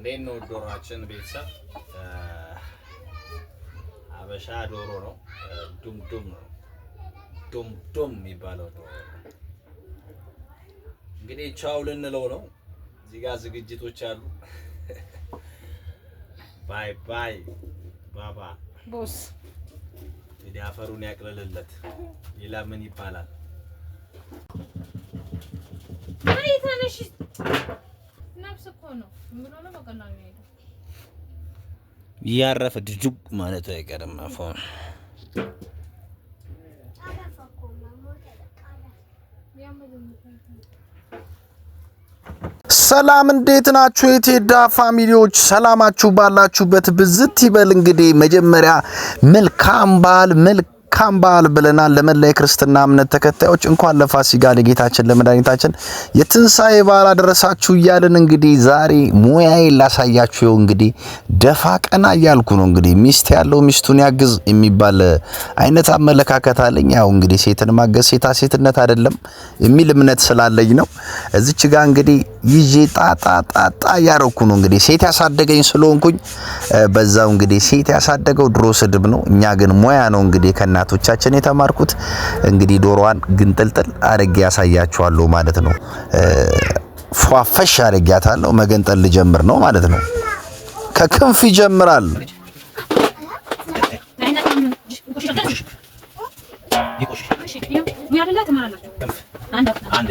እንዴት ነው ዶሯችን? ቤተሰብ አበሻ ዶሮ ነው። ዱምዱም ነው ዱምዱም የሚባለው ዶሮ እንግዲህ ቻው ልንለው ነው። እዚህ ጋር ዝግጅቶች አሉ። ባይ ባይ ባባ ቦስ እንግዲህ አፈሩን ያቅልልለት። ሌላ ምን ይባላል? ነው። ያረፈ ድጁግ ማለቱ አይቀርም። አፎ ሰላም እንዴት ናችሁ? የቴዳ ፋሚሊዎች ሰላማችሁ ባላችሁበት ብዝት ይበል። እንግዲህ መጀመሪያ መልካም በዓል መልካም መልካም በዓል ብለናል። ለመላ የክርስትና እምነት ተከታዮች እንኳን ለፋሲካ ለጌታችን ለመድኃኒታችን የትንሣኤ በዓል አደረሳችሁ እያልን እንግዲህ ዛሬ ሙያዬን ላሳያችሁ። እንግዲህ ደፋ ቀና እያልኩ ነው። እንግዲህ ሚስት ያለው ሚስቱን ያግዝ የሚባል አይነት አመለካከት አለኝ። ያው እንግዲህ ሴትን ማገዝ ሴታ ሴትነት አይደለም የሚል እምነት ስላለኝ ነው። እዚች ጋር እንግዲህ ይዤ ጣጣጣጣ እያረኩ ነው። እንግዲህ ሴት ያሳደገኝ ስለሆንኩኝ በዛው እንግዲህ ሴት ያሳደገው ድሮ ስድብ ነው። እኛ ግን ሙያ ነው እንግዲህ ከእናቶቻችን የተማርኩት። እንግዲህ ዶሮዋን ግንጥልጥል አድርጌ ያሳያችኋለሁ ማለት ነው። ፏፈሽ አድርጌያታለሁ። መገንጠል ልጀምር ነው ማለት ነው። ከክንፍ ይጀምራል። አንድ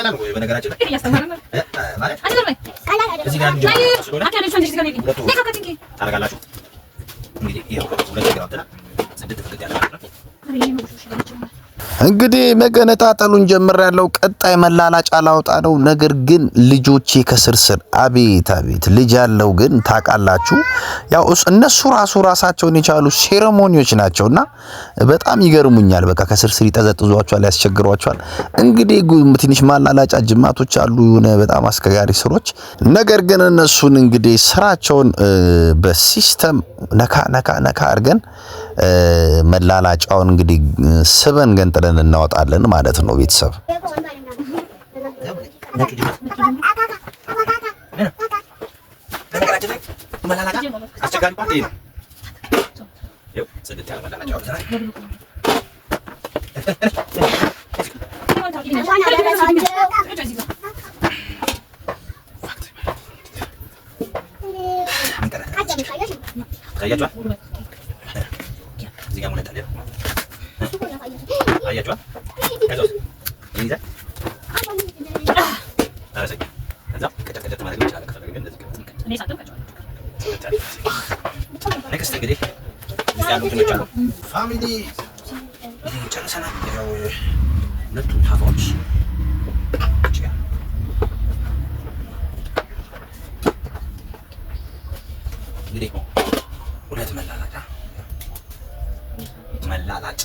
ቀላል ነው። በነገራችን ላይ ማለት እዚህ ጋር እንግዲህ መገነጣጠሉን ያለው ቀጣይ መላላጫ ላውጣ ነው። ነገር ግን ልጆቼ ከስርስር አቤት አቤት ልጅ ያለው ግን ታውቃላችሁ፣ ያው እነሱ ራሱ ራሳቸውን የቻሉ ሴሬሞኒዎች ናቸውና በጣም ይገርሙኛል። በቃ ከስርስር ይጠዘጥዟቸዋል፣ ያስቸግሯቸዋል። እንግዲህ ትንሽ ማላላጫ ጅማቶች አሉ፣ የሆነ በጣም አስከጋሪ ስሮች። ነገር ግን እነሱን እንግዲህ ስራቸውን በሲስተም ነካ ነካ ነካ አድርገን መላላጫውን እንግዲህ ስበን ገንጥለን እናወጣለን ማለት ነው። ቤተሰብ ታያችኋል። ነገስት እንግዲህ ያሉ ትኖች አሉ። ፋሚሊ ጨርሰናል። ያው ሁለቱም ታፋዎች እንግዲህ ሁለት መላላጫ መላላጫ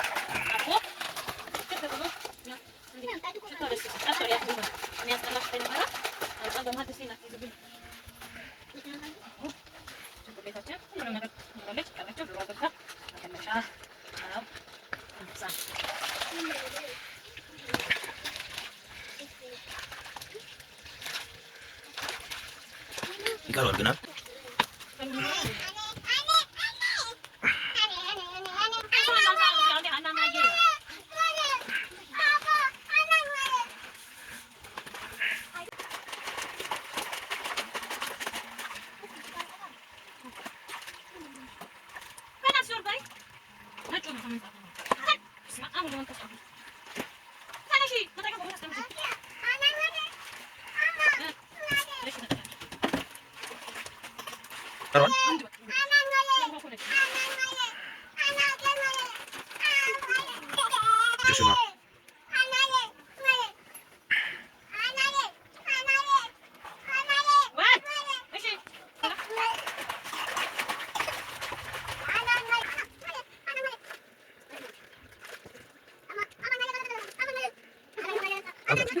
Ikaw, Organa? Thank kasih. হচ্ছে না Okay.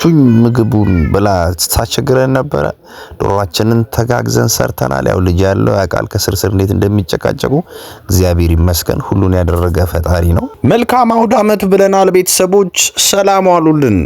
እሱኝ ምግቡን ብላ ስታስቸግረን ነበረ። ዶሯችንን ተጋግዘን ሰርተናል። ያው ልጅ ያለው ያውቃል ከስርስር እንዴት እንደሚጨቃጨቁ። እግዚአብሔር ይመስገን ሁሉን ያደረገ ፈጣሪ ነው። መልካም አውድ ዓመት ብለናል። ቤተሰቦች ሰላም አሉልን።